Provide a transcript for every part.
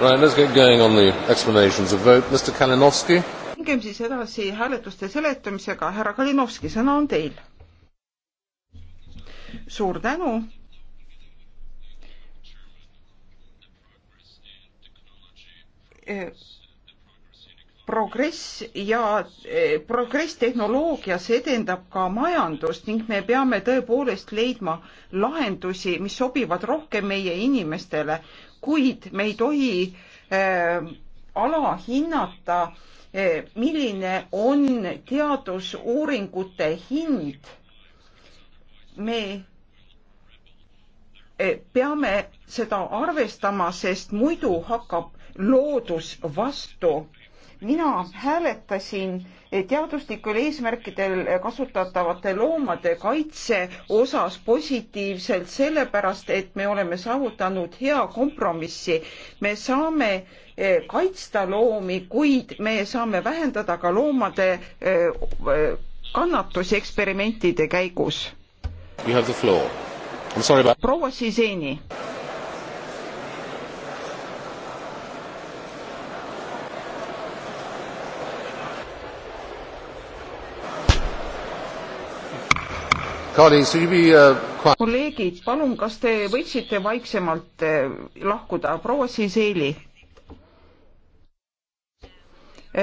Right, let's get going on the explanations of vote. Mr Kalinovski. mingem siis edasi hääletuste seletamisega, härra Kalinovski, sõna on teil. suur tänu. E, progress ja e, progress tehnoloogias edendab ka majandust ning me peame tõepoolest leidma lahendusi, mis sobivad rohkem meie inimestele kuid me ei tohi äh, alahinnata äh,, milline on teadusuuringute hind. me äh, peame seda arvestama, sest muidu hakkab loodus vastu mina hääletasin eh, teaduslikel eesmärkidel eh, kasutatavate loomade kaitse osas positiivselt sellepärast, et me oleme saavutanud hea kompromissi. me saame eh, kaitsta loomi, kuid me saame vähendada ka loomade kannatusi eksperimentide käigus. proua Siseni Uh, kolleegid, palun, kas te võiksite vaiksemalt eh, lahkuda, proua Siseli?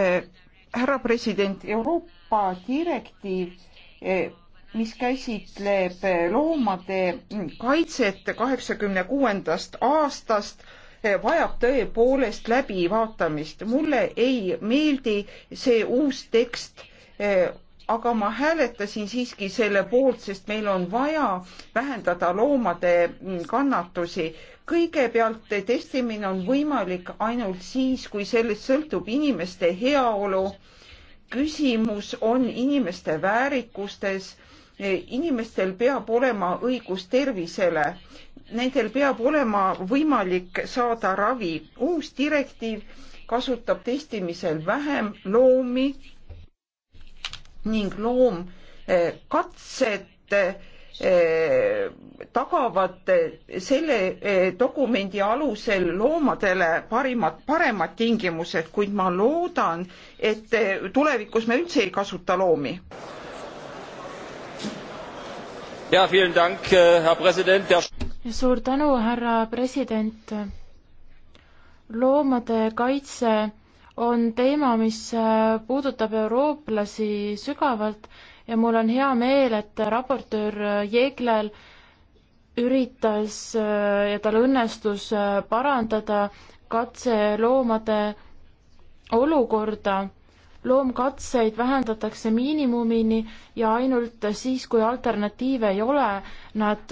Eh, härra president, Euroopa direktiiv, eh, mis käsitleb loomade kaitset kaheksakümne kuuendast aastast, vajab tõepoolest läbivaatamist. mulle ei meeldi see uus tekst aga ma hääletasin siiski selle poolt, sest meil on vaja vähendada loomade kannatusi. kõigepealt testimine on võimalik ainult siis, kui sellest sõltub inimeste heaolu. küsimus on inimeste väärikustes. inimestel peab olema õigus tervisele. Nendel peab olema võimalik saada ravi. uus direktiiv kasutab testimisel vähem loomi ning loomkatsed eh, eh, tagavad eh, selle dokumendi alusel loomadele parimad, paremad tingimused, kuid ma loodan, et tulevikus me üldse ei kasuta loomi. Ja, Dank, äh, ja... suur tänu, härra president. loomade kaitse on teema, mis äh, puudutab eurooplasi sügavalt ja mul on hea meel, et raportöör äh, Jeeglel üritas äh, ja tal õnnestus parandada katseloomade olukorda. loomkatseid vähendatakse miinimumini ja ainult siis, kui alternatiive ei ole, nad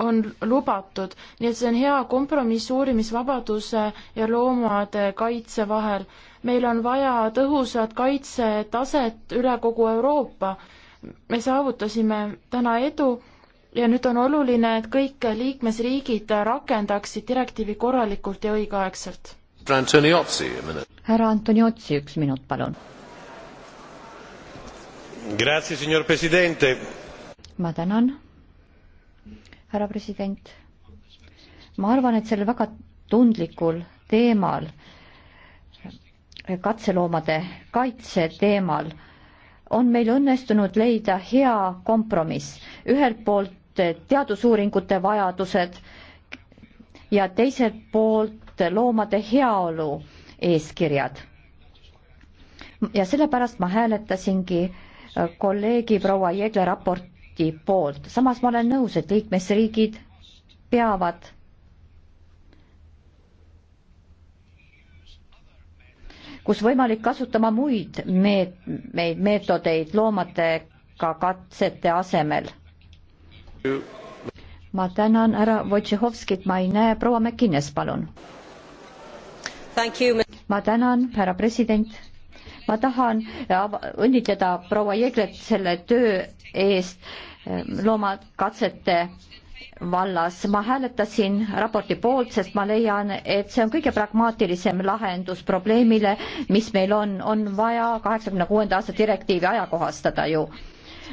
on lubatud, nii et see on hea kompromiss uurimisvabaduse ja loomade kaitse vahel. meil on vaja tõhusat kaitsetaset üle kogu Euroopa. me saavutasime täna edu ja nüüd on oluline, et kõik liikmesriigid rakendaksid direktiivi korralikult ja õigeaegselt. härra Antoniotsi, üks minut, palun. ma tänan härra president. ma arvan, et sellel väga tundlikul teemal, katseloomade kaitse teemal, on meil õnnestunud leida hea kompromiss. ühelt poolt teadusuuringute vajadused ja teiselt poolt loomade heaolu eeskirjad. ja sellepärast ma hääletasingi kolleegi proua Jeegle raport projekti poolt, samas ma olen nõus, et liikmesriigid peavad kus võimalik kasutama muid meet-, meid, meetodeid loomadega katsete asemel. ma tänan härra Wojciechowskit, ma ei näe, proua McInnes, palun. ma tänan, härra president ma tahan õnnitleda proua Jeglet selle töö eest ehm, loomakatsete vallas. ma hääletasin raporti poolt, sest ma leian, et see on kõige pragmaatilisem lahendus probleemile, mis meil on, on vaja kaheksakümne kuuenda aasta direktiivi ajakohastada ju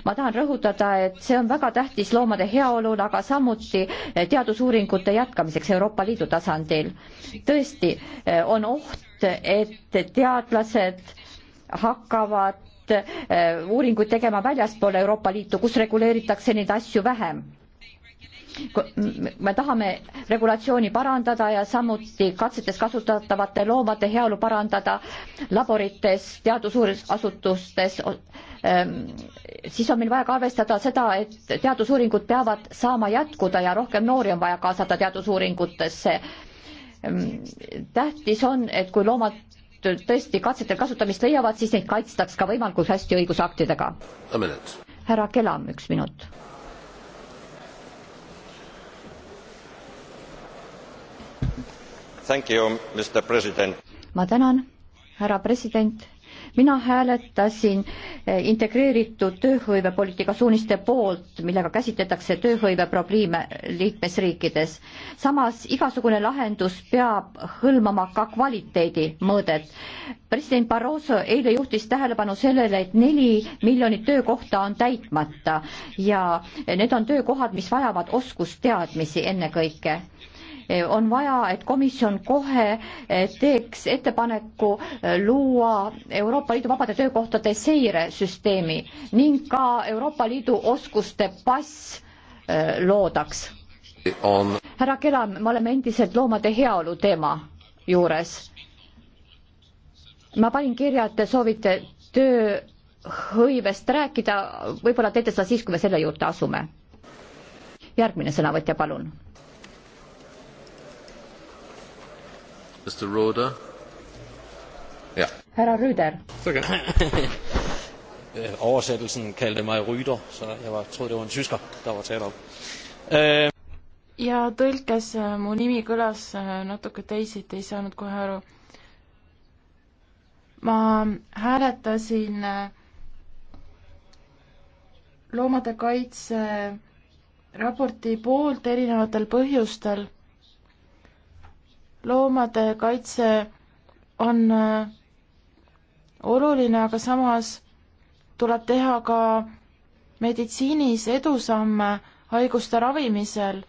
ma tahan rõhutada, et see on väga tähtis loomade heaolule, aga samuti eh, teadusuuringute jätkamiseks Euroopa Liidu tasandil. tõesti, eh, on oht, et teadlased hakkavad eh, uuringuid tegema väljaspool Euroopa Liitu, kus reguleeritakse neid asju vähem. me tahame regulatsiooni parandada ja samuti katsetes kasutatavate loomade heaolu parandada laborites, teadusuurimisasutustes, ehm, siis on meil vaja ka arvestada seda, et teadusuuringud peavad saama jätkuda ja rohkem noori on vaja kaasata teadusuuringutesse. Ehm, tähtis on, et kui loomad tõesti katsetel kasutamist leiavad, siis neid kaitstaks ka võimalikult hästi õigusaktidega. härra Kelam, üks minut. ma tänan, härra president mina hääletasin eh, integreeritud tööhõivepoliitika suuniste poolt, millega käsitletakse tööhõive probleeme liikmesriikides. samas igasugune lahendus peab hõlmama ka kvaliteedi mõõdet. president Barroso eile juhtis tähelepanu sellele, et neli miljonit töökohta on täitmata ja need on töökohad, mis vajavad oskusteadmisi ennekõike Eh, on vaja, et komisjon kohe eh, teeks ettepaneku eh, luua Euroopa Liidu vabade töökohtade seiresüsteemi ning ka Euroopa Liidu oskuste pass loodaks. härra Kelam, me oleme endiselt loomade heaolu teema juures. ma panin kirja, et te soovite tööhõivest rääkida, võib-olla teete seda siis, kui me selle juurde asume. järgmine sõnavõtja, palun Mr Roder. Ja. Herre Rüder. Øh, oversættelsen kaldte mig Ryder, så jeg var, troede, det var en tysker, der var tale om. Øh. ja tõlkes äh, mu nimi kõlas äh, natuke teisiti, ei saanud kohe aru. ma hääletasin äh, loomade kaitse raporti poolt erinevatel põhjustel loomade kaitse on äh, oluline, aga samas tuleb teha ka meditsiinis edusamme haiguste ravimisel.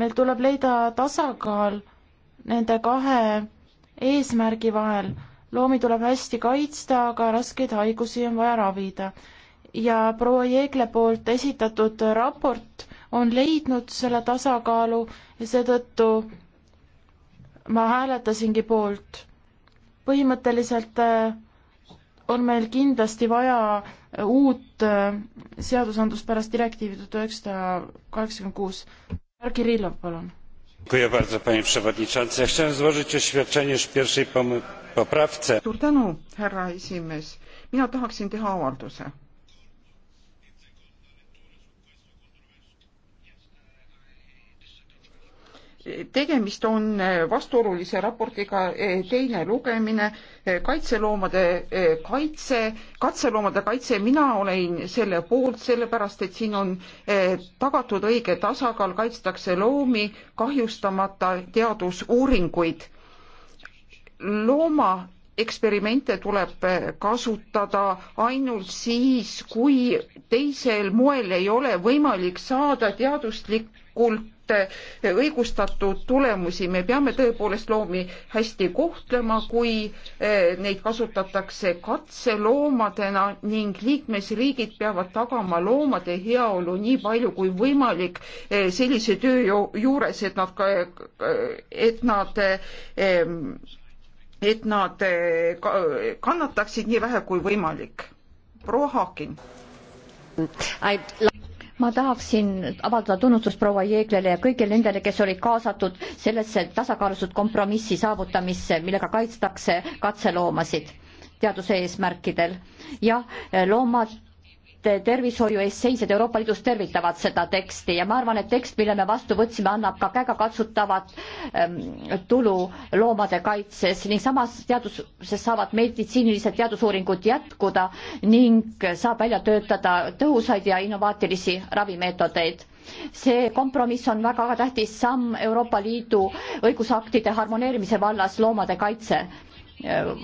meil tuleb leida tasakaal nende kahe eesmärgi vahel. loomi tuleb hästi kaitsta, aga raskeid haigusi on vaja ravida. ja proua Jeegle poolt esitatud raport on leidnud selle tasakaalu ja seetõttu ma hääletasingi poolt. põhimõtteliselt äh, on meil kindlasti vaja äh, uut äh, seadusandlust pärast direktiivi tuhat üheksasada kaheksakümmend kuus. härra Kirillov, palun. suur tänu, härra esimees. mina tahaksin teha avalduse tegemist on eh, vastuolulise raportiga eh, teine lugemine, eh, kaitseloomade kaitse, katseloomade kaitse, mina olen selle poolt, sellepärast et siin on tagatud õige tasakaal, kaitstakse loomi kahjustamata teadusuuringuid. looma eksperimente tuleb kasutada ainult siis, kui teisel moel ei ole võimalik saada teaduslikult Eh, õigustatud tulemusi. me peame tõepoolest loomi hästi kohtlema, kui eh, neid kasutatakse katseloomadena ning liikmesriigid peavad tagama loomade heaolu nii palju kui võimalik eh, sellise töö juures, et nad ka, et nad et nad kannataksid nii vähe kui võimalik. proua Haakin ma tahaksin avaldada tunnustust proua Jeeglele ja kõigile nendele, kes olid kaasatud sellesse tasakaalustatud kompromissi saavutamisse, millega kaitstakse katseloomasid teaduse eesmärkidel. jah, loomad et tervishoiu eest seisjad Euroopa Liidus tervitavad seda teksti ja ma arvan, et tekst, mille me vastu võtsime, annab ka käegakatsutavat ähm, tulu loomade kaitses ning samas teaduses saavad meditsiinilised teadusuuringud jätkuda ning saab välja töötada tõhusaid ja innovaatilisi ravimeetodeid see kompromiss on väga tähtis samm Euroopa Liidu õigusaktide harmoneerimise vallas loomade kaitse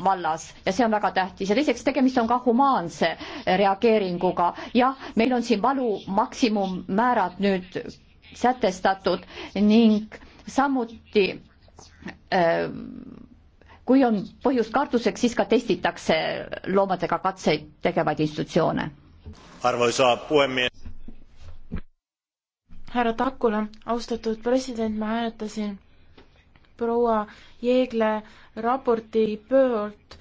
vallas ja see on väga tähtis ja teiseks tegemist on ka humaanse reageeringuga. jah, meil on siin valu maksimummäärad nüüd sätestatud ning samuti äh, kui on põhjust kartuseks, siis ka testitakse loomadega katseid tegevaid institutsioone. arvoisa puhemies. härra Takula, austatud president, ma hääletasin proua Jeegle raporti poolt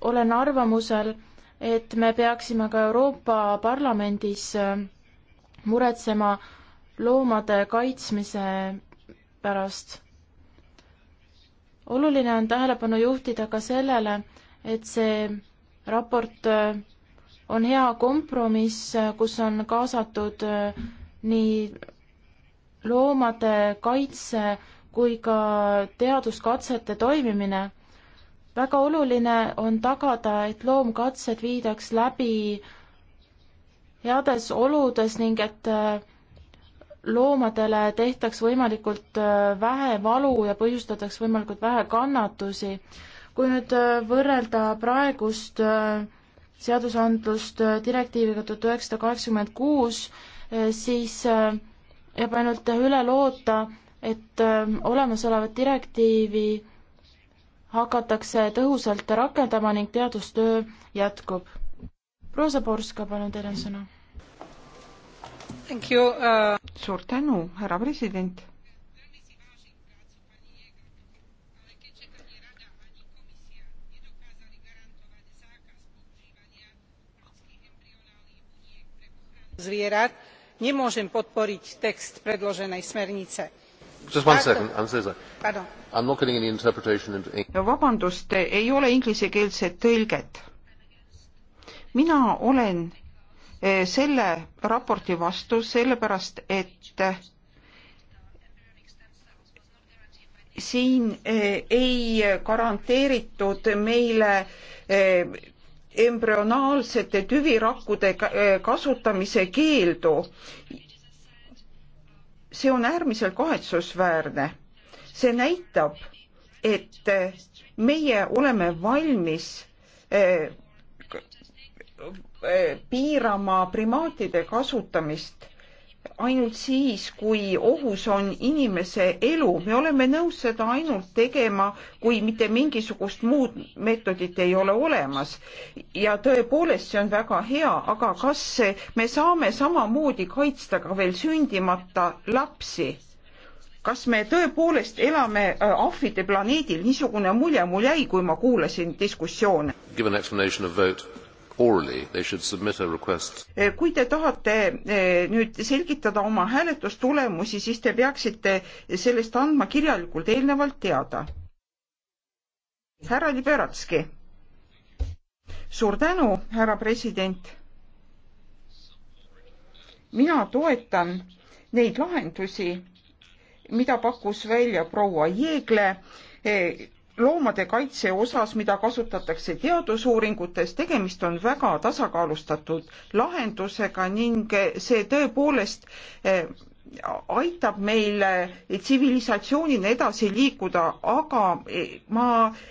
olen arvamusel, et me peaksime ka Euroopa Parlamendis äh, muretsema loomade kaitsmise pärast. oluline on tähelepanu juhtida ka sellele, et see raport äh, on hea kompromiss, äh, kus on kaasatud nii loomade kaitse kui ka teaduskatsete toimimine. väga oluline on tagada, et loomkatsed viidaks läbi heades oludes ning et äh, loomadele tehtaks võimalikult äh, vähe valu ja põhjustataks võimalikult vähe kannatusi. kui nüüd äh, võrrelda praegust seadusandlust direktiiviga tuhat üheksasada kaheksakümmend kuus, siis jääb ainult üle loota, et ähm, olemasolevat direktiivi hakatakse tõhusalt rakendama ning teadustöö jätkub. proua Zaborska, palun teile sõna. Uh... suur tänu, härra president. zvierat nemôžem podporiť text predloženej smernice Just one second, I am so sorry. I am not getting any interpretation into English. vabandust, ei ole inglisekeelset tõlget. mina olen eh, selle raporti vastu, sellepärast et eh, siin eh, ei garanteeritud meile embrüonaalsete tüvirakkude kasutamise keeldu see on äärmiselt kahetsusväärne. see näitab, et meie oleme valmis eh, eh, piirama primaatide kasutamist ainult siis, kui ohus on inimese elu. me oleme nõus seda ainult tegema, kui mitte mingisugust muud meetodit ei ole olemas. ja tõepoolest, see on väga hea, aga kas me saame samamoodi kaitsta ka veel sündimata lapsi? kas me tõepoolest elame äh, ahvide planeedil, niisugune mulje mul jäi, kui ma kuulasin diskussioone. Give an explanation of vote. Orally, they should submit a request. Eh, kui te tahate eh, nüüd selgitada oma hääletustulemusi, siis te peaksite sellest andma kirjalikult eelnevalt teada. härra Liberatski. suur tänu, härra president. mina toetan neid lahendusi, mida pakkus välja proua Jeegle eh, loomade kaitse osas, mida kasutatakse teadusuuringutes, tegemist on väga tasakaalustatud lahendusega ning see tõepoolest eh, aitab meil tsivilisatsioonina edasi liikuda, aga eh, ma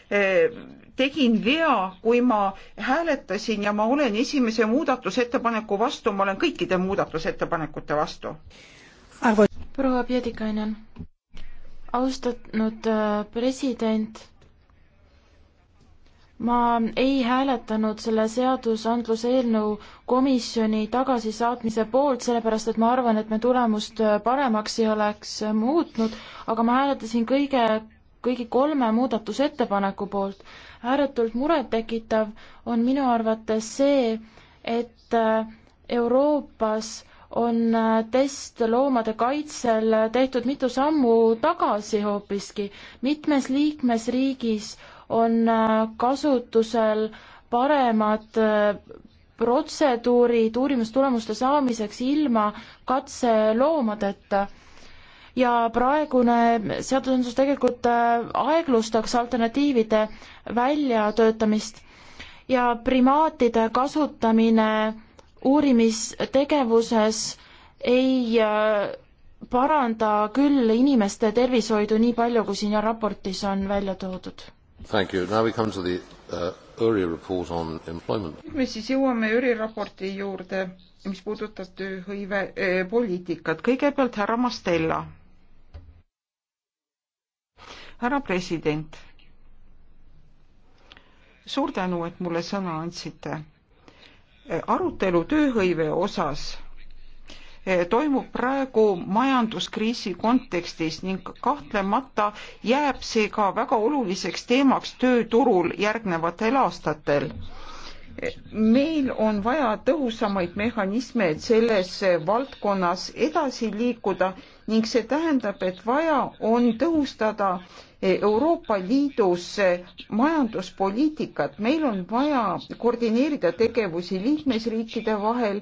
eh, tegin vea, kui ma hääletasin ja ma olen esimese muudatusettepaneku vastu, ma olen kõikide muudatusettepanekute vastu. proua Piedikainen austatud äh, president, ma ei hääletanud selle seadusandluse eelnõu komisjoni tagasisaatmise poolt, sellepärast et ma arvan, et me tulemust äh, paremaks ei oleks äh, muutnud, aga ma hääletasin kõige, kõigi kolme muudatusettepaneku poolt. ääretult murettekitav on minu arvates see, et Euroopas on äh, test loomade kaitsel äh, tehtud mitu sammu tagasi hoopiski. mitmes liikmesriigis on äh, kasutusel paremad protseduurid uurimustulemuste saamiseks ilma katseloomadeta. ja praegune seadusandlus tegelikult aeglustaks alternatiivide väljatöötamist ja primaatide kasutamine uurimistegevuses ei äh, paranda küll inimeste tervishoidu nii palju, kui siin raportis on välja toodud. Uh, nüüd me siis jõuame Jüri raporti juurde, mis puudutab tööhõivepoliitikat. Äh, kõigepealt härra Mastella. härra president, suur tänu, et mulle sõna andsite arutelu tööhõive osas eh, toimub praegu majanduskriisi kontekstis ning kahtlemata jääb see ka väga oluliseks teemaks tööturul järgnevatel aastatel. Eh, meil on vaja tõhusamaid mehhanisme, et selles valdkonnas edasi liikuda ning see tähendab, et vaja on tõhustada Euroopa Liidus majanduspoliitikat, meil on vaja koordineerida tegevusi liikmesriikide vahel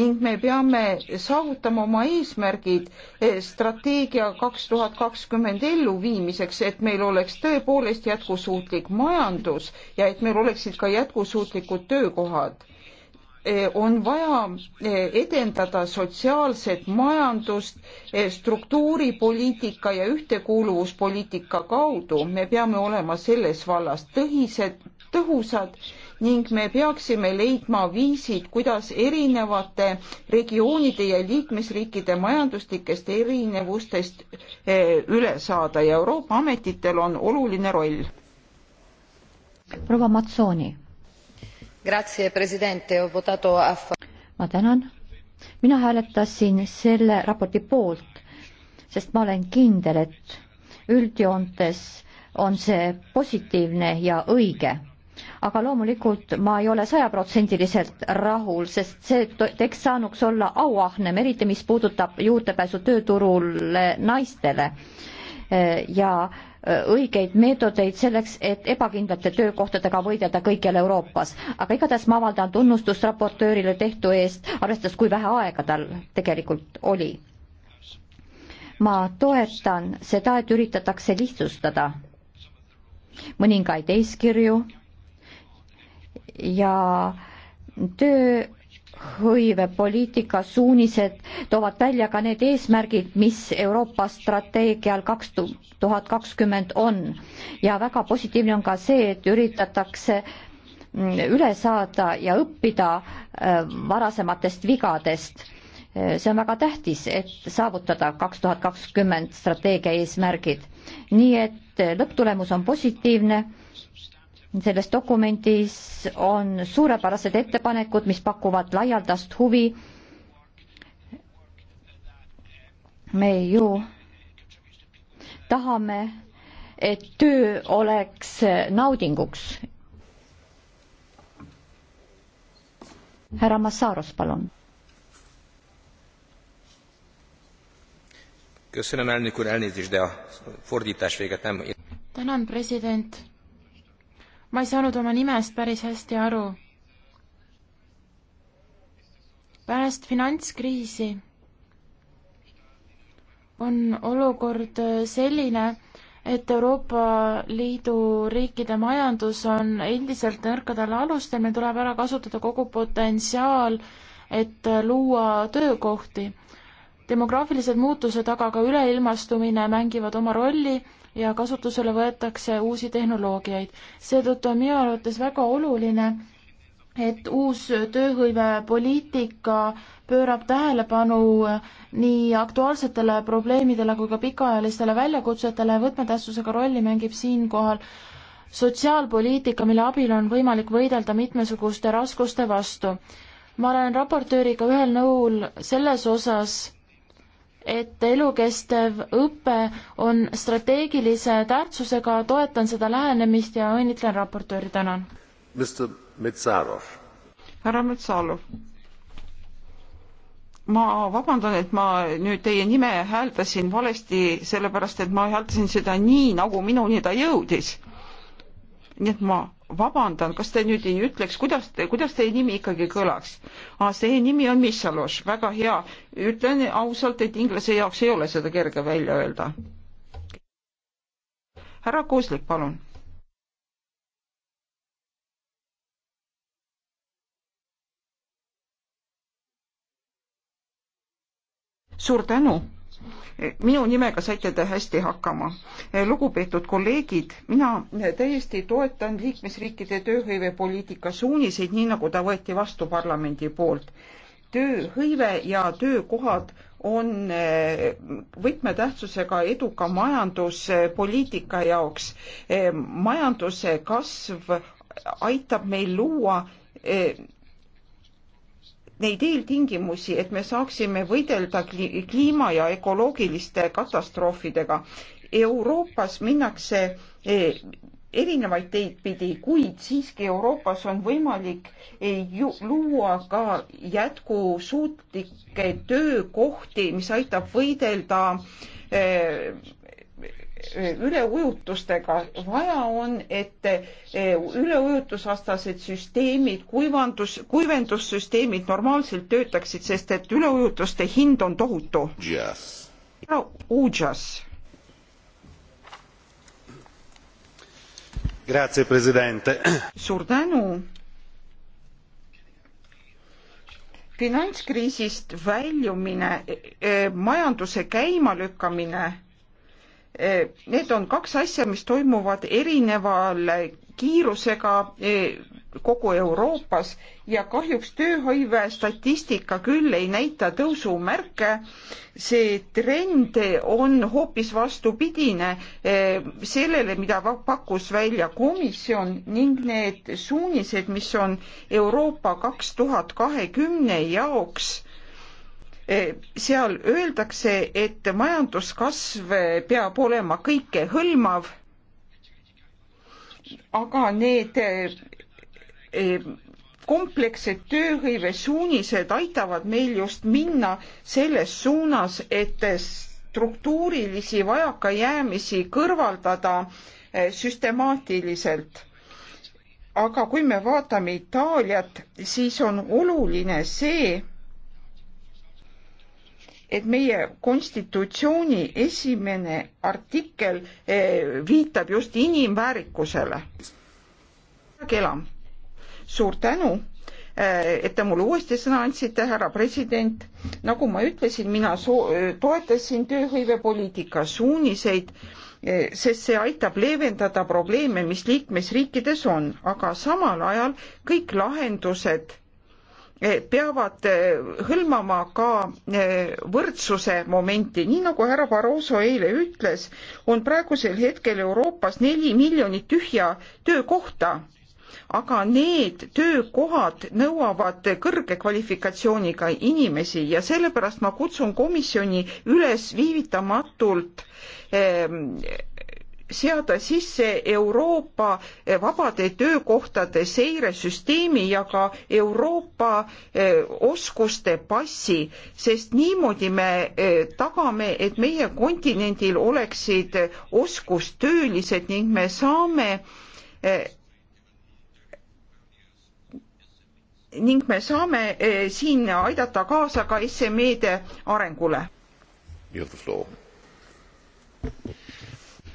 ning me peame saavutama oma eesmärgid eh, strateegia kaks tuhat kakskümmend elluviimiseks, et meil oleks tõepoolest jätkusuutlik majandus ja et meil oleksid ka jätkusuutlikud töökohad Eh, on vaja eh, edendada sotsiaalset majandust eh, struktuuripoliitika ja ühtekuuluvuspoliitika kaudu. me peame olema selles vallas tõhised, tõhusad ning me peaksime leidma viisid, kuidas erinevate regioonide ja liikmesriikide majanduslikest erinevustest üle saada ja Euroopa ametitel on oluline roll. proua Matsooni ma tänan. mina hääletasin selle raporti poolt, sest ma olen kindel, et üldjoontes on see positiivne ja õige aga loomulikult ma ei ole sajaprotsendiliselt rahul, sest see tekst saanuks olla auahnem, eriti mis puudutab juurdepääsu tööturule naistele ja õigeid meetodeid selleks, et ebakindlate töökohtadega võidelda kõikjal Euroopas. aga igatahes ma avaldan tunnustust raportöörile tehtu eest, arvestades, kui vähe aega tal tegelikult oli. ma toetan seda, et üritatakse lihtsustada mõningaid eeskirju ja töö tööhõivepoliitika suunised toovad välja ka need eesmärgid, mis Euroopa strateegial kaks tuhat kakskümmend on. ja väga positiivne on ka see, et üritatakse mm, üle saada ja õppida äh, varasematest vigadest. Äh, see on väga tähtis, et saavutada kaks tuhat kakskümmend strateegia eesmärgid. nii et äh, lõpptulemus on positiivne selles dokumendis on suurepärased ettepanekud, mis pakuvad laialdast huvi. me ju tahame, et töö oleks naudinguks. härra Massaros, palun. tänan, president ma ei saanud oma nimest päris hästi aru. pärast finantskriisi on olukord selline, et Euroopa Liidu riikide majandus on endiselt nõrkadel alustel, meil tuleb ära kasutada kogu potentsiaal, et luua töökohti. demograafilised muutused, aga ka üleilmastumine mängivad oma rolli ja kasutusele võetakse uusi tehnoloogiaid. seetõttu on minu arvates väga oluline, et uus tööhõivepoliitika pöörab tähelepanu nii aktuaalsetele probleemidele kui ka pikaajalistele väljakutsetele, võtmetähtsusega rolli mängib siinkohal sotsiaalpoliitika, mille abil on võimalik võidelda mitmesuguste raskuste vastu. ma olen raportööriga ühel nõul selles osas, et elukestev õpe on strateegilise tähtsusega, toetan seda lähenemist ja õnnitlen raportööri, tänan. härra Metsalov, ma vabandan, et ma nüüd teie nime hääldasin valesti, sellepärast et ma hääldasin seda nii, nagu minuni ta jõudis. nii et ma vabandan, kas te nüüd ei ütleks, kuidas te, kuidas teie nimi ikkagi kõlaks? see nimi on Missalos, väga hea. ütlen ausalt, et inglise jaoks ei ole seda kerge välja öelda. härra Kuuslik, palun suur tänu! minu nimega saite te hästi hakkama. lugupeetud kolleegid, mina täiesti toetan liikmesriikide tööhõivepoliitika suuniseid, nii nagu ta võeti vastu parlamendi poolt. tööhõive ja töökohad on eh, võtmetähtsusega eduka majanduspoliitika jaoks. Eh, majanduse kasv aitab meil luua eh, neid eeltingimusi, et me saaksime võidelda kliima ja ökoloogiliste katastroofidega. Euroopas minnakse e, erinevaid teid pidi, kuid siiski Euroopas on võimalik e, ju, luua ka jätkusuutlikke töökohti, mis aitab võidelda eh, üleujutustega. vaja on, et eh, üleujutusvastased süsteemid, kuivandus, kuivendussüsteemid normaalselt töötaksid, sest et üleujutuste hind on tohutu yes.. no Uudžas. suur tänu. finantskriisist väljumine, eh, eh, majanduse käimalükkamine Eh, need on kaks asja, mis toimuvad erineval kiirusega eh, kogu Euroopas ja kahjuks tööhõive statistika küll ei näita tõusumärke. see trend on hoopis vastupidine eh, sellele, mida pakkus välja komisjon ning need suunised, mis on Euroopa kaks tuhat kahekümne jaoks Eh, seal öeldakse, et majanduskasv eh, peab olema kõikehõlmav, aga need eh, komplekssed tööhõive suunised aitavad meil just minna selles suunas, et struktuurilisi vajakajäämisi kõrvaldada süstemaatiliselt aga kui me vaatame Itaaliat, siis on oluline see, et meie konstitutsiooni esimene artikkel eh, viitab just inimväärikusele. Kelam, suur tänu eh, et te mulle uuesti sõna andsite, härra president. nagu ma ütlesin, mina toetasin tööhõivepoliitika suuniseid, eh, sest see aitab leevendada probleeme, mis liikmesriikides on, aga samal ajal kõik lahendused peavad eh, hõlmama ka eh, võrdsuse momenti. nii nagu härra Barroso eile ütles, on praegusel hetkel Euroopas neli miljonit tühja töökohta, aga need töökohad nõuavad kõrge kvalifikatsiooniga inimesi ja sellepärast ma kutsun komisjoni üles viivitamatult eh, seada sisse Euroopa vabade töökohtade seiresüsteemi ja ka Euroopa eh, oskuste passi, sest niimoodi me eh, tagame, et meie kontinendil oleksid eh, oskustöölised ning me saame ning me saame siin aidata kaasa ka SME-de arengule. You have the floor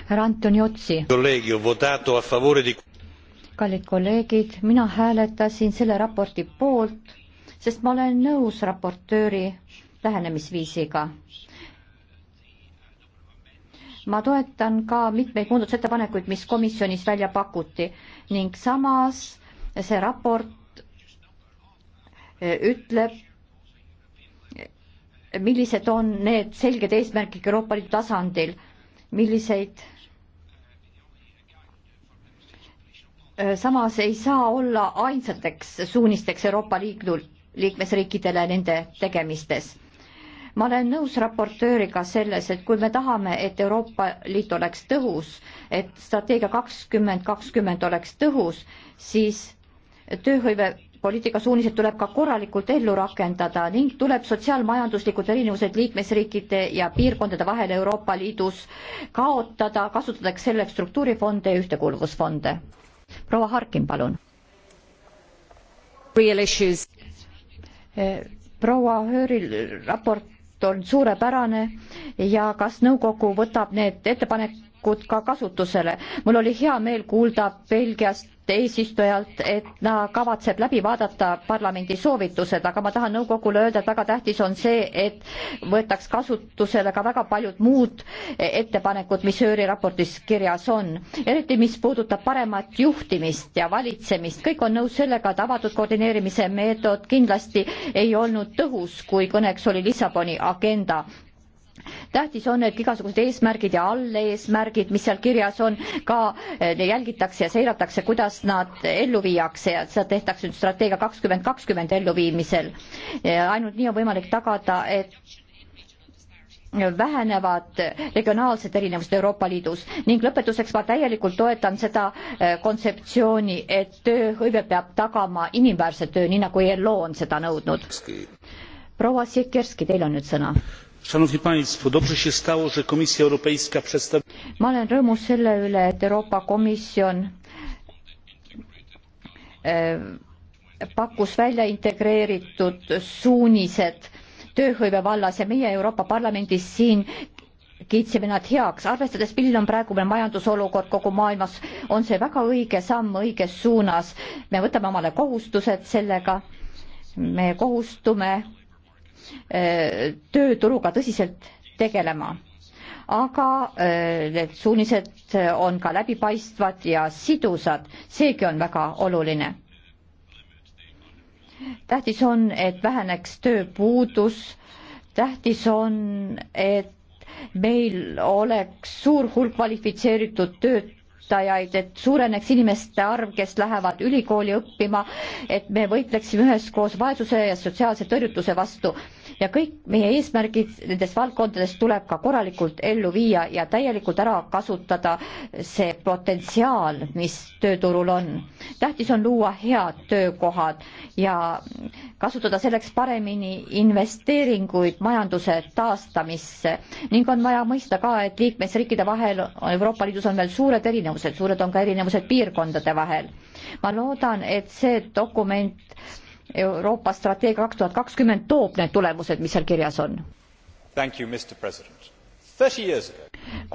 härra Antoni Otsi. kallid kolleegid, mina hääletasin selle raporti poolt, sest ma olen nõus raportööri lähenemisviisiga. ma toetan ka mitmeid muudatusettepanekuid, mis komisjonis välja pakuti ning samas see raport eh, ütleb, millised on need selged eesmärgid Euroopa Liidu tasandil, milliseid samas ei saa olla ainsateks suunisteks Euroopa Liidul liikmesriikidele nende tegemistes. ma olen nõus raportööriga selles, et kui me tahame, et Euroopa Liit oleks tõhus, et strateegia kakskümmend kakskümmend oleks tõhus, siis tööhõivepoliitika suunised tuleb ka korralikult ellu rakendada ning tuleb sotsiaalmajanduslikud erinevused liikmesriikide ja piirkondade vahel Euroopa Liidus kaotada, kasutades selleks struktuurifonde ja ühtekuuluvusfonde proua Harkin, palun. E, proua Hööril raport on suurepärane ja kas nõukogu võtab need ettepanekud ettepanekud ka kasutusele. mul oli hea meel kuulda Belgiast eesistujalt, et ta kavatseb läbi vaadata parlamendi soovitused, aga ma tahan nõukogule öelda, et väga tähtis on see, et võetaks kasutusele ka väga paljud muud ettepanekud, mis ÖRi raportis kirjas on. eriti, mis puudutab paremat juhtimist ja valitsemist, kõik on nõus sellega, et avatud koordineerimise meetod kindlasti ei olnud tõhus, kui kõneks oli Lissaboni agenda tähtis on, et igasugused eesmärgid ja alleesmärgid, mis seal kirjas on, ka eh, jälgitakse ja seiratakse, kuidas nad ellu viiakse ja seda tehtakse nüüd strateegia kakskümmend kakskümmend elluviimisel. ainult nii on võimalik tagada, et vähenevad regionaalsed erinevused Euroopa Liidus ning lõpetuseks ma täielikult toetan seda eh, kontseptsiooni, et tööhõive peab tagama inimväärse töö, nii nagu ELO on seda nõudnud. proua Sikerski, teil on nüüd sõna ma olen rõõmus selle üle et euroopa komisjon e, pakkus välja integreeritud suunised tööhõive vallas ja meie euroopa parlamendis siin kiitsime nad heaks arvestades milline on praegune majandusolukord kogu maailmas on see väga õige samm õiges suunas me võtame omale kohustused sellega me kohustume Eh, tööturuga tõsiselt tegelema. aga eh, need suunised eh, on ka läbipaistvad ja sidusad, seegi on väga oluline. tähtis on, et väheneks tööpuudus, tähtis on, et meil oleks suur hulk kvalifitseeritud töötajaid, et suureneks inimeste arv, kes lähevad ülikooli õppima, et me võitleksime üheskoos vaesuse ja sotsiaalse tõrjutuse vastu ja kõik meie eesmärgid nendes valdkondades tuleb ka korralikult ellu viia ja täielikult ära kasutada see potentsiaal, mis tööturul on. tähtis on luua head töökohad ja kasutada selleks paremini investeeringuid majanduse taastamisse ning on vaja mõista ka, et liikmesriikide vahel Euroopa Liidus on veel suured erinevused, suured on ka erinevused piirkondade vahel. ma loodan, et see dokument Euroopa strateegia kaks tuhat kakskümmend toob need tulemused, mis seal kirjas on?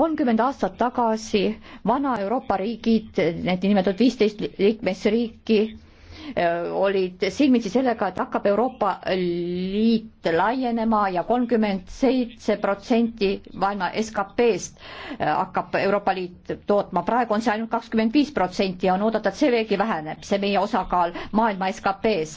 kolmkümmend aastat tagasi Vana-Euroopa riigid, need niinimetatud viisteist liikmesriiki Äh, olid silmitsi sellega, et hakkab Euroopa Liit laienema ja kolmkümmend seitse protsenti maailma SKP-st äh, hakkab Euroopa Liit tootma, praegu on see ainult kakskümmend viis protsenti ja on oodata, et see veelgi väheneb, see meie osakaal maailma SKP-s.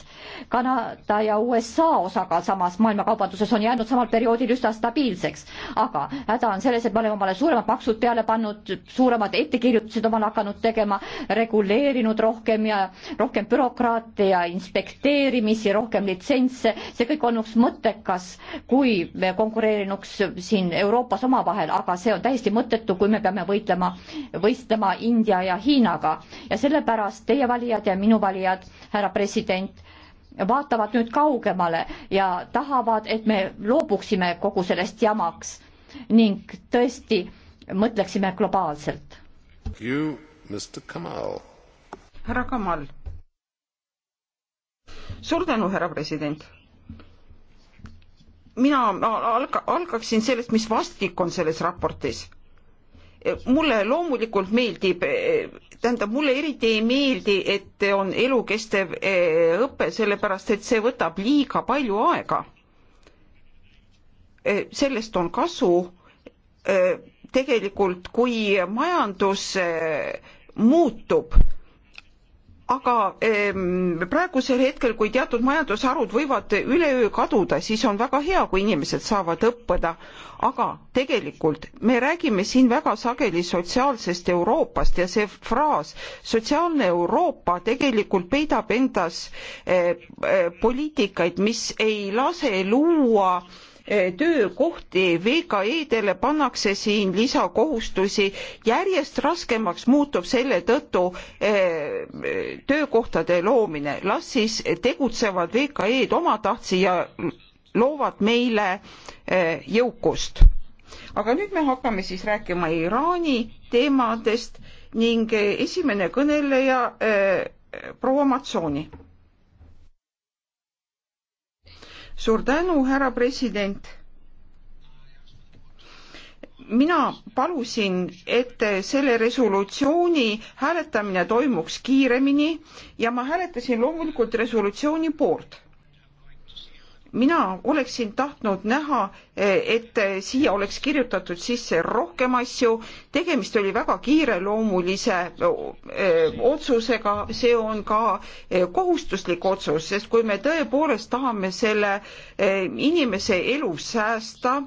Kanada ja USA osakaal samas maailmakaubanduses on jäänud samal perioodil üsna stabiilseks, aga häda on selles, et me oleme omale suuremad maksud peale pannud, suuremad ettekirjutused omale hakanud tegema, reguleerinud rohkem ja rohkem bürokraatiat bürokraate ja inspekteerimisi, rohkem litsentse, see kõik olnuks mõttekas, kui me konkureerinuks siin Euroopas omavahel, aga see on täiesti mõttetu, kui me peame võitlema, võistlema India ja Hiinaga. ja sellepärast teie valijad ja minu valijad, härra president, vaatavad nüüd kaugemale ja tahavad, et me loobuksime kogu sellest jamaks ning tõesti mõtleksime globaalselt. härra Kamal suur tänu, härra president. mina alg-, algaksin sellest, mis vastik on selles raportis. mulle loomulikult meeldib, tähendab, mulle eriti ei meeldi, et on elukestev e, õpe, sellepärast et see võtab liiga palju aega. E, sellest on kasu e, tegelikult, kui majandus muutub aga ähm, praegusel hetkel, kui teatud majandusharud võivad üleöö kaduda, siis on väga hea, kui inimesed saavad õppida. aga tegelikult me räägime siin väga sageli sotsiaalsest Euroopast ja see fraas sotsiaalne Euroopa tegelikult peidab endas äh, äh, poliitikaid, mis ei lase luua äh, töökohti VKE-dele, pannakse siin lisakohustusi, järjest raskemaks muutub selle tõttu eh, töökohtade loomine. las siis tegutsevad VKE-d omatahtsi ja loovad meile eh, jõukust. aga nüüd me hakkame siis rääkima Iraani teemadest ning esimene kõneleja eh, proua Matsooni suur tänu, härra president mina palusin, et selle resolutsiooni hääletamine toimuks kiiremini ja ma hääletasin loomulikult resolutsiooni poolt mina oleksin tahtnud näha, et siia oleks kirjutatud sisse rohkem asju, tegemist oli väga kiireloomulise otsusega, see on ka kohustuslik otsus, sest kui me tõepoolest tahame selle inimese elu säästa,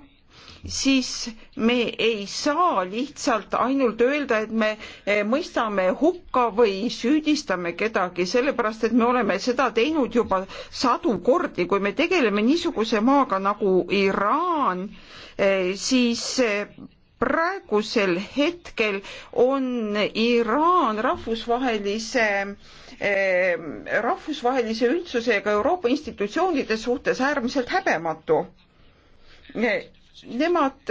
siis me ei saa lihtsalt ainult öelda, et me eh, mõistame hukka või süüdistame kedagi, sellepärast et me oleme seda teinud juba sadu kordi, kui me tegeleme niisuguse maaga nagu Iraan, eh, siis eh, praegusel hetkel on Iraan rahvusvahelise rahvusvahelise üldsuse ega Euroopa institutsioonide suhtes äärmiselt häbematu nemad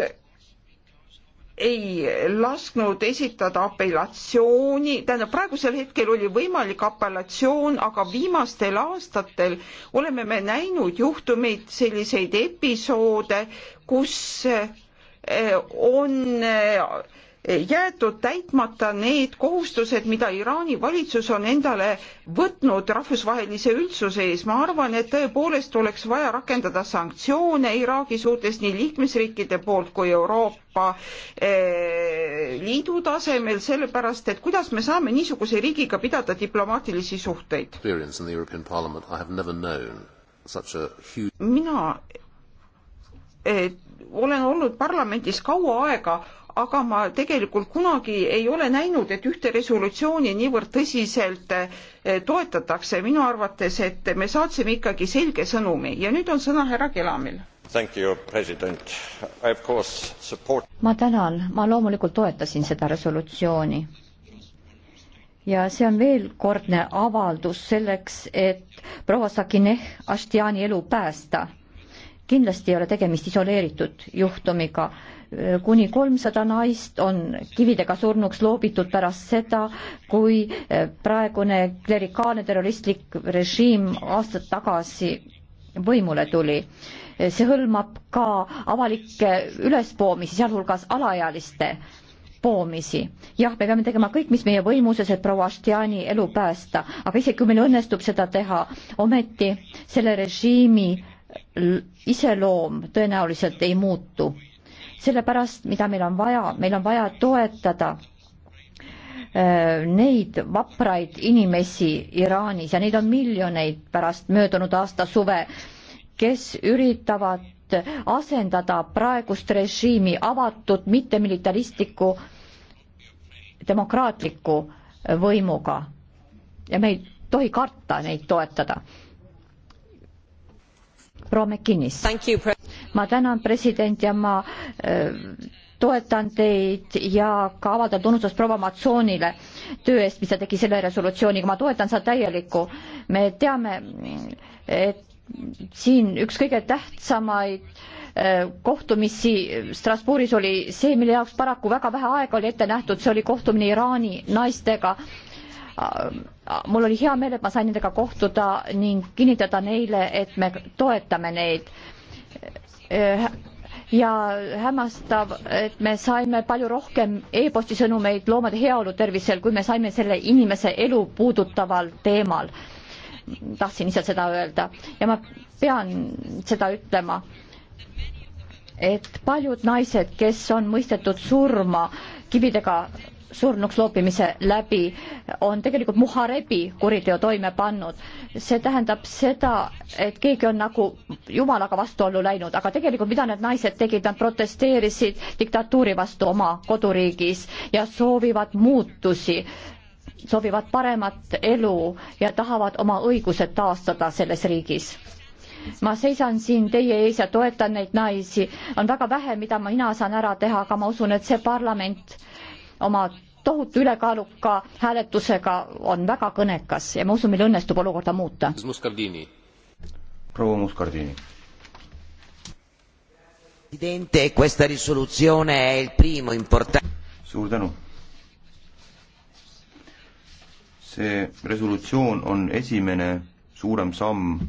ei lasknud esitada apellatsiooni, tähendab praegusel hetkel oli võimalik apellatsioon, aga viimastel aastatel oleme me näinud juhtumeid, selliseid episoode, kus eh, on eh, jäetud täitmata need kohustused, mida Iraani valitsus on endale võtnud rahvusvahelise üldsuse ees. ma arvan, et tõepoolest oleks vaja rakendada sanktsioone Iraagi suhtes nii liikmesriikide poolt kui Euroopa eh, Liidu tasemel, sellepärast et kuidas me saame niisuguse riigiga pidada diplomaatilisi suhteid. mina eh, olen olnud parlamendis kaua aega, aga ma tegelikult kunagi ei ole näinud, et ühte resolutsiooni niivõrd tõsiselt eh, toetatakse. minu arvates, et me saatsime ikkagi selge sõnumi ja nüüd on sõna härra Kelamil. Support... ma tänan, ma loomulikult toetasin seda resolutsiooni. ja see on veelkordne avaldus selleks, et proua Sakineh Ashtiani elu päästa kindlasti ei ole tegemist isoleeritud juhtumiga. kuni kolmsada naist on kividega surnuks loobitud pärast seda, kui eh, praegune klerikaalne terroristlik režiim aastad tagasi võimule tuli. see hõlmab ka avalikke ülespoomisi, sealhulgas alaealiste poomisi. jah, me peame tegema kõik, mis meie võimuses, et proua Ashtiani elu päästa, aga isegi kui meil õnnestub seda teha, ometi selle režiimi iseloom tõenäoliselt ei muutu. sellepärast, mida meil on vaja, meil on vaja toetada äh, neid vapraid inimesi Iraanis ja neid on miljoneid pärast möödunud aasta suve, kes üritavad asendada praegust režiimi avatud mittemilitaristliku demokraatliku võimuga. ja me ei tohi karta neid toetada proua McKinnis. ma tänan president ja ma äh, toetan teid ja ka avaldan tunnustust proua Matsoonile töö eest, mis ta tegi selle resolutsiooniga, ma toetan seda täielikku. me teame, et siin üks kõige tähtsamaid äh, kohtumisi Strasbourgis oli see, mille jaoks paraku väga vähe aega oli ette nähtud, see oli kohtumine Iraani naistega Äh, äh, mul oli hea meel, et ma sain nendega kohtuda ning kinnitada neile, et me toetame neid äh, ja hämmastav, et me saime palju rohkem e-posti sõnumeid loomade heaolu tervisel, kui me saime selle inimese elu puudutaval teemal. tahtsin ise seda öelda ja ma pean seda ütlema, et paljud naised, kes on mõistetud surma kividega surnuks loopimise läbi on tegelikult Muharebi kuriteo toime pannud. see tähendab seda, et keegi on nagu jumalaga vastuollu läinud, aga tegelikult mida need naised tegid, nad protesteerisid diktatuuri vastu oma koduriigis ja soovivad muutusi, soovivad paremat elu ja tahavad oma õigused taastada selles riigis ma seisan siin teie ees ja toetan neid naisi. on väga vähe, mida mina saan ära teha, aga ma usun, et see parlament äh, oma tohutu ülekaaluka hääletusega on väga kõnekas ja ma usun, meil õnnestub olukorda muuta. proua Muscardini. suur tänu. see resolutsioon on esimene suurem samm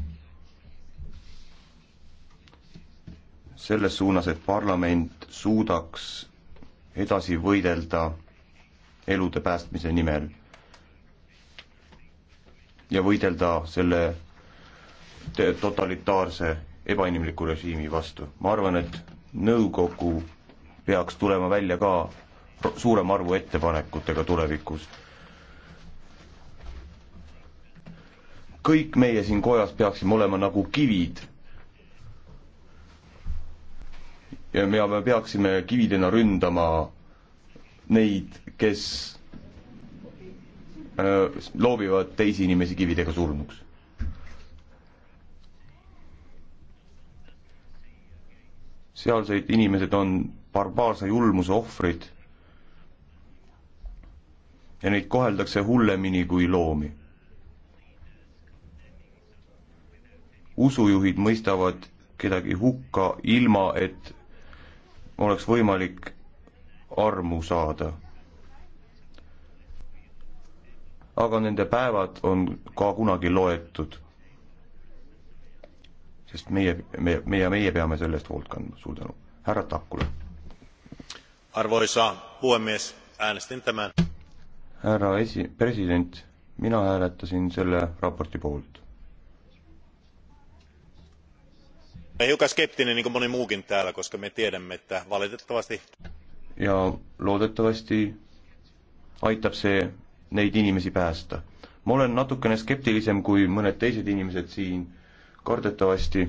selles suunas, et parlament suudaks edasi võidelda elude päästmise nimel ja võidelda selle totalitaarse ebainimliku režiimi vastu. ma arvan, et nõukogu peaks tulema välja ka suurema arvu ettepanekutega tulevikus. kõik meie siin kojas peaksime olema nagu kivid. ja me peaksime kividena ründama neid, kes äh, loobivad teisi inimesi kividega surnuks. sealseid inimesed on barbaarse julmuse ohvrid ja neid koheldakse hullemini kui loomi. usujuhid mõistavad kedagi hukka ilma, et oleks võimalik armu saada. aga nende päevad on ka kunagi loetud. sest meie, me, meie, meie peame selle eest hoolt kandma, suur tänu. härra Takula. Arvoisa puhemies, äänestin tämän. härra esi-, president, mina hääletasin selle raporti poolt. olen hiukan skeptinen niin kuin moni muukin täällä koska me tiedämme että valitettavasti ja loodetavasti aitab see neid inimesi päästa. ma olen natukene skeptilisem kui mõned teised inimesed siin, kardetavasti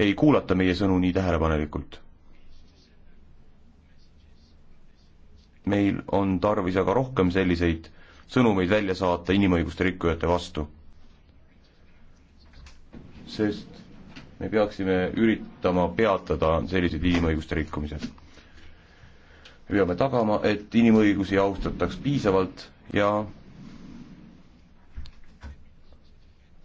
ei kuulata meie sõnu nii tähelepanelikult. meil on tarvis aga rohkem selliseid sõnumeid välja saata inimõiguste rikkujate vastu sest me peaksime üritama peatada sellised inimõiguste rikkumised. me peame tagama, et inimõigusi austataks piisavalt ja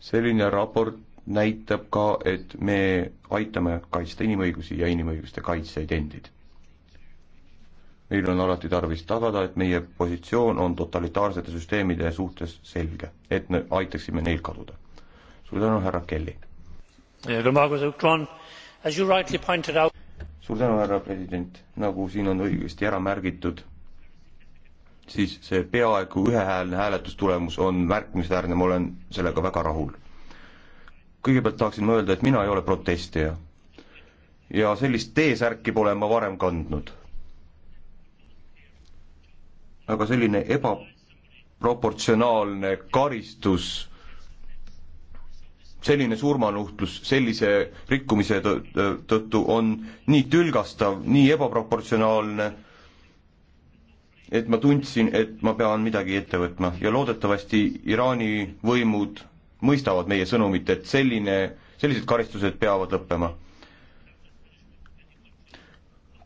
selline raport näitab ka, et me aitame kaitsta inimõigusi ja inimõiguste kaitsjaid endid. meil on alati tarvis tagada, et meie positsioon on totalitaarsete süsteemide suhtes selge, et me aitaksime neil kaduda. suur tänu, härra Kelly! Eh, suur tänu, härra president, nagu siin on õigesti ära märgitud, siis see peaaegu ühehäälne hääletustulemus on märkimisväärne, ma olen sellega väga rahul. kõigepealt tahaksin ma öelda, et mina ei ole protestija. ja sellist T-särki pole ma varem kandnud. aga selline ebaproportsionaalne karistus selline surmanuhtlus sellise rikkumise tõttu on nii tülgastav, nii ebaproportsionaalne, et ma tundsin, et ma pean midagi ette võtma ja loodetavasti Iraani võimud mõistavad meie sõnumit, et selline, sellised karistused peavad lõppema.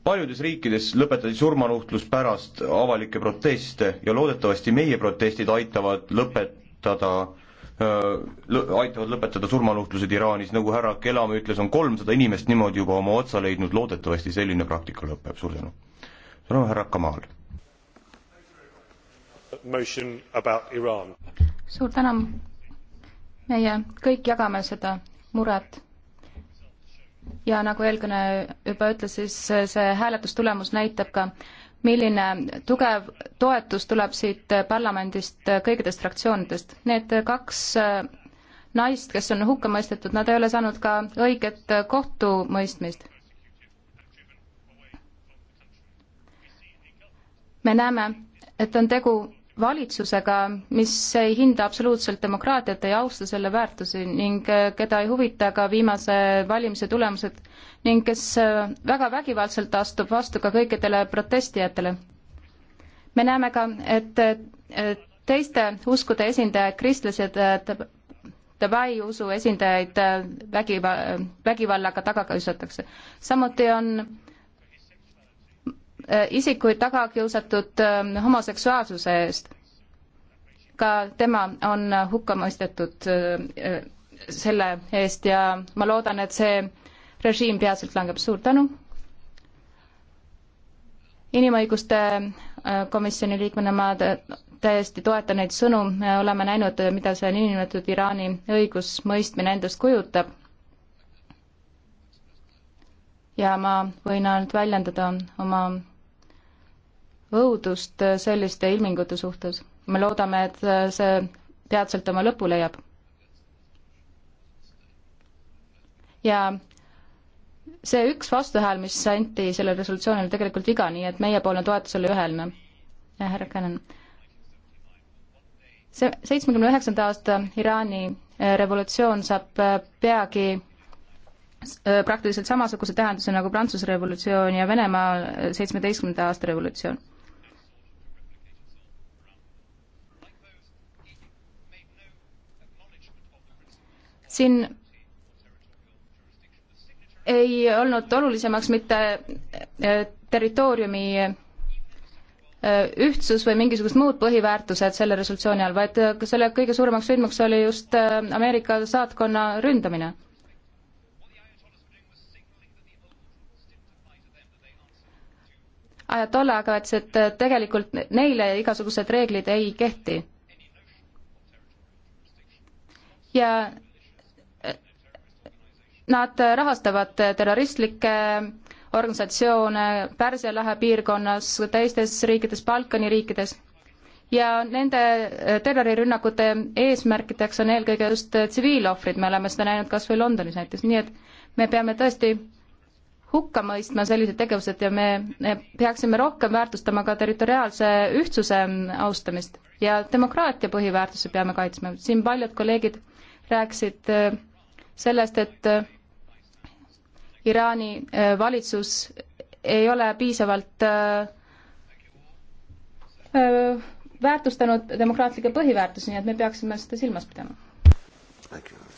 paljudes riikides lõpetati surmanuhtlus pärast avalikke proteste ja loodetavasti meie protestid aitavad lõpetada äh, Äh, aitavad lõpetada surmanuhtlused Iraanis, nagu härra Kelam ütles, on kolmsada inimest niimoodi juba oma otsa leidnud, loodetavasti selline praktika lõpeb, suur tänu. suur tänu, härra Kamal. suur tänu. meie kõik jagame seda muret. ja nagu eelkõneleja juba ütles, siis see hääletustulemus näitab ka, milline tugev toetus tuleb siit parlamendist kõikidest fraktsioonidest. Need kaks äh, naist, kes on hukka mõistetud, nad ei ole saanud ka õiget äh, kohtumõistmist. me näeme, et on tegu valitsusega, mis ei hinda absoluutselt demokraatiat, ei austa selle väärtusi ning äh, keda ei huvita ka viimase valimise tulemused ning kes äh, väga vägivaldselt astub vastu ka kõikidele protestijatele. me näeme ka, et äh, teiste uskude esindajaid, kristlased, Davai usu esindajaid vägiva-, vägivallaga taga ka visatakse. samuti on Äh, isikuid taga kiusatud äh, homoseksuaalsuse eest. ka tema on äh, hukka mõistetud selle eest ja ma loodan, et see režiim peatselt langeb. suur tänu! inimõiguste komisjoni liikmena ma täiesti toetan neid sõnu, me oleme näinud, mida see niinimetatud Iraani õigusmõistmine endast kujutab. ja ma võin ainult väljendada oma õudust selliste ilmingute suhtes. me loodame, et see peatselt oma lõpu leiab. ja see üks vastuhääl, mis anti sellele resolutsioonile, tegelikult viga, nii et meiepoolne toetus oli ühelne. härra Cannon. see seitsmekümne üheksanda aasta Iraani eh, revolutsioon saab eh, peagi eh, praktiliselt samasuguse tähenduse nagu Prantsuse revolutsioon ja Venemaa seitsmeteistkümnenda aasta revolutsioon siin ei olnud olulisemaks mitte äh, territooriumi äh, ühtsus või mingisugused muud põhiväärtused selle resolutsiooni all, vaid äh, selle kõige suuremaks sündmuseks oli just Ameerika saatkonna ründamine. ajatolla aga ütles, et tegelikult neile igasugused reeglid ei kehti. ja Nad rahastavad terroristlikke organisatsioone Pärsia lahe piirkonnas, teistes riikides, Balkani riikides ja nende terrorirünnakute eesmärkideks on eelkõige just tsiviilohvrid, me oleme seda näinud kas või Londonis näiteks, nii et me peame tõesti hukka mõistma sellised tegevused ja me peaksime rohkem väärtustama ka territoriaalse ühtsuse austamist ja demokraatia põhiväärtusi peame kaitsma. siin paljud kolleegid rääkisid sellest, et Iraani äh, valitsus ei ole piisavalt äh, äh, väärtustanud demokraatlikke põhiväärtusi, nii et me peaksime seda silmas pidama.